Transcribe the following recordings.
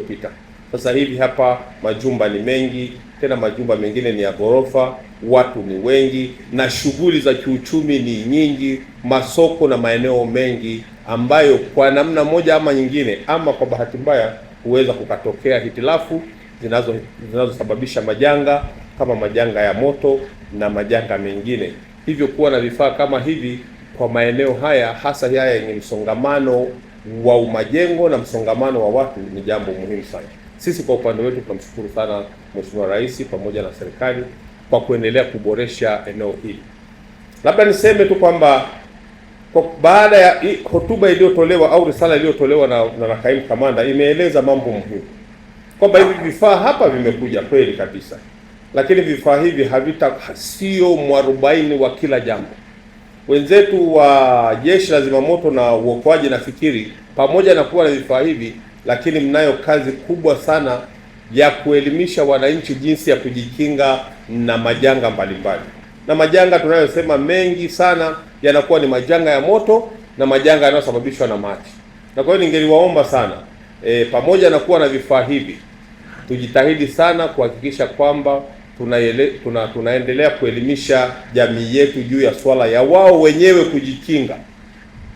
iliyopita. Sasa hivi hapa majumba ni mengi, tena majumba mengine ni ya ghorofa, watu ni wengi, na shughuli za kiuchumi ni nyingi, masoko na maeneo mengi ambayo kwa namna moja ama nyingine, ama kwa bahati mbaya, huweza kukatokea hitilafu zinazo zinazosababisha majanga kama majanga ya moto na majanga mengine. Hivyo kuwa na vifaa kama hivi kwa maeneo haya hasa haya yenye msongamano wa umajengo na msongamano wa watu ni jambo muhimu sana. Sisi kwa upande wetu tunamshukuru sana Mheshimiwa Rais pamoja na serikali kwa kuendelea kuboresha eneo hili. Labda niseme tu kwamba kwa baada ya hotuba iliyotolewa au risala iliyotolewa na, na, na kaimu kamanda imeeleza mambo muhimu kwamba hivi vifaa hapa vimekuja kweli kabisa, lakini vifaa hivi havita sio mwarobaini wa kila jambo wenzetu wa jeshi la zimamoto na uokoaji, nafikiri pamoja na kuwa na vifaa hivi, lakini mnayo kazi kubwa sana ya kuelimisha wananchi jinsi ya kujikinga na majanga mbalimbali. Na majanga tunayosema mengi sana yanakuwa ni majanga ya moto na majanga yanayosababishwa na maji, na kwa hiyo ningeliwaomba sana e, pamoja na kuwa na vifaa hivi, tujitahidi sana kuhakikisha kwamba tunaele, tuna, tunaendelea kuelimisha jamii yetu juu ya swala ya wao wenyewe kujikinga,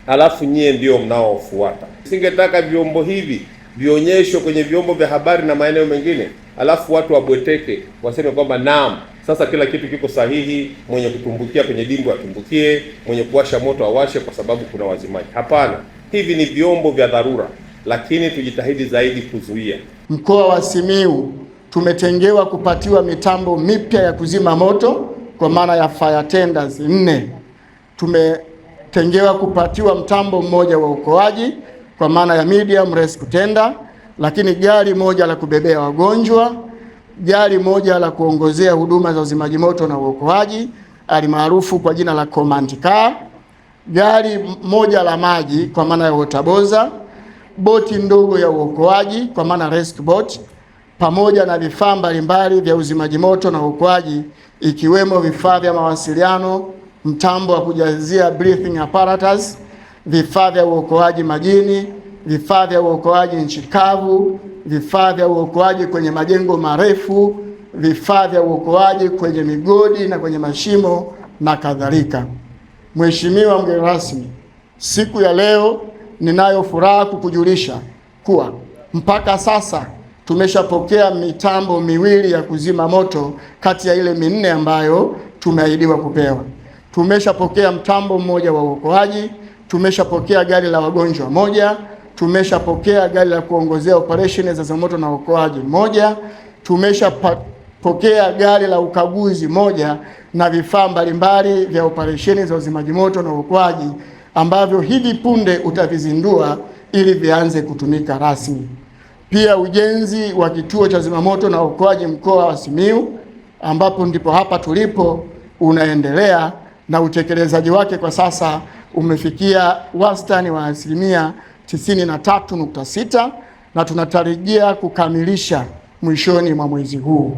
halafu nyie ndio mnaofuata. Singetaka vyombo hivi vionyeshwe kwenye vyombo vya habari na maeneo mengine, halafu watu wabweteke, waseme kwamba naam, sasa kila kitu kiko sahihi, mwenye kutumbukia kwenye dimbwi atumbukie, mwenye kuwasha moto awashe, kwa sababu kuna wazimaji. Hapana, hivi ni vyombo vya dharura, lakini tujitahidi zaidi kuzuia. Mkoa wa Simiyu tumetengewa kupatiwa mitambo mipya ya kuzima moto kwa maana ya fire tenders nne. Tumetengewa kupatiwa mtambo mmoja wa uokoaji kwa maana ya medium rescue tender, lakini gari moja la kubebea wagonjwa, gari moja la kuongozea huduma za uzimaji moto na uokoaji alimaarufu kwa jina la command car, gari moja la maji kwa maana ya boza, boti ndogo ya uokoaji kwa maana rescue boat pamoja na vifaa mbalimbali vya uzimaji moto na uokoaji ikiwemo vifaa vya mawasiliano, mtambo wa kujazia breathing apparatus, vifaa vya uokoaji majini, vifaa vya uokoaji nchi kavu, vifaa vya uokoaji kwenye majengo marefu, vifaa vya uokoaji kwenye migodi na kwenye mashimo na kadhalika. Mheshimiwa mgeni rasmi, siku ya leo ninayo furaha kukujulisha kuwa mpaka sasa tumeshapokea mitambo miwili ya kuzima moto kati ya ile minne ambayo tumeahidiwa kupewa. Tumeshapokea mtambo mmoja wa uokoaji, tumeshapokea gari la wagonjwa moja, tumeshapokea gari la kuongozea operesheni za zimamoto na uokoaji moja, tumeshapokea gari la ukaguzi moja na vifaa mbalimbali vya operesheni za uzimaji moto na uokoaji ambavyo hivi punde utavizindua ili vianze kutumika rasmi pia ujenzi wa kituo cha zimamoto na uokoaji mkoa wa Simiyu, ambapo ndipo hapa tulipo unaendelea na utekelezaji wake kwa sasa umefikia wastani wa asilimia 93.6 na tunatarajia kukamilisha mwishoni mwa mwezi huu.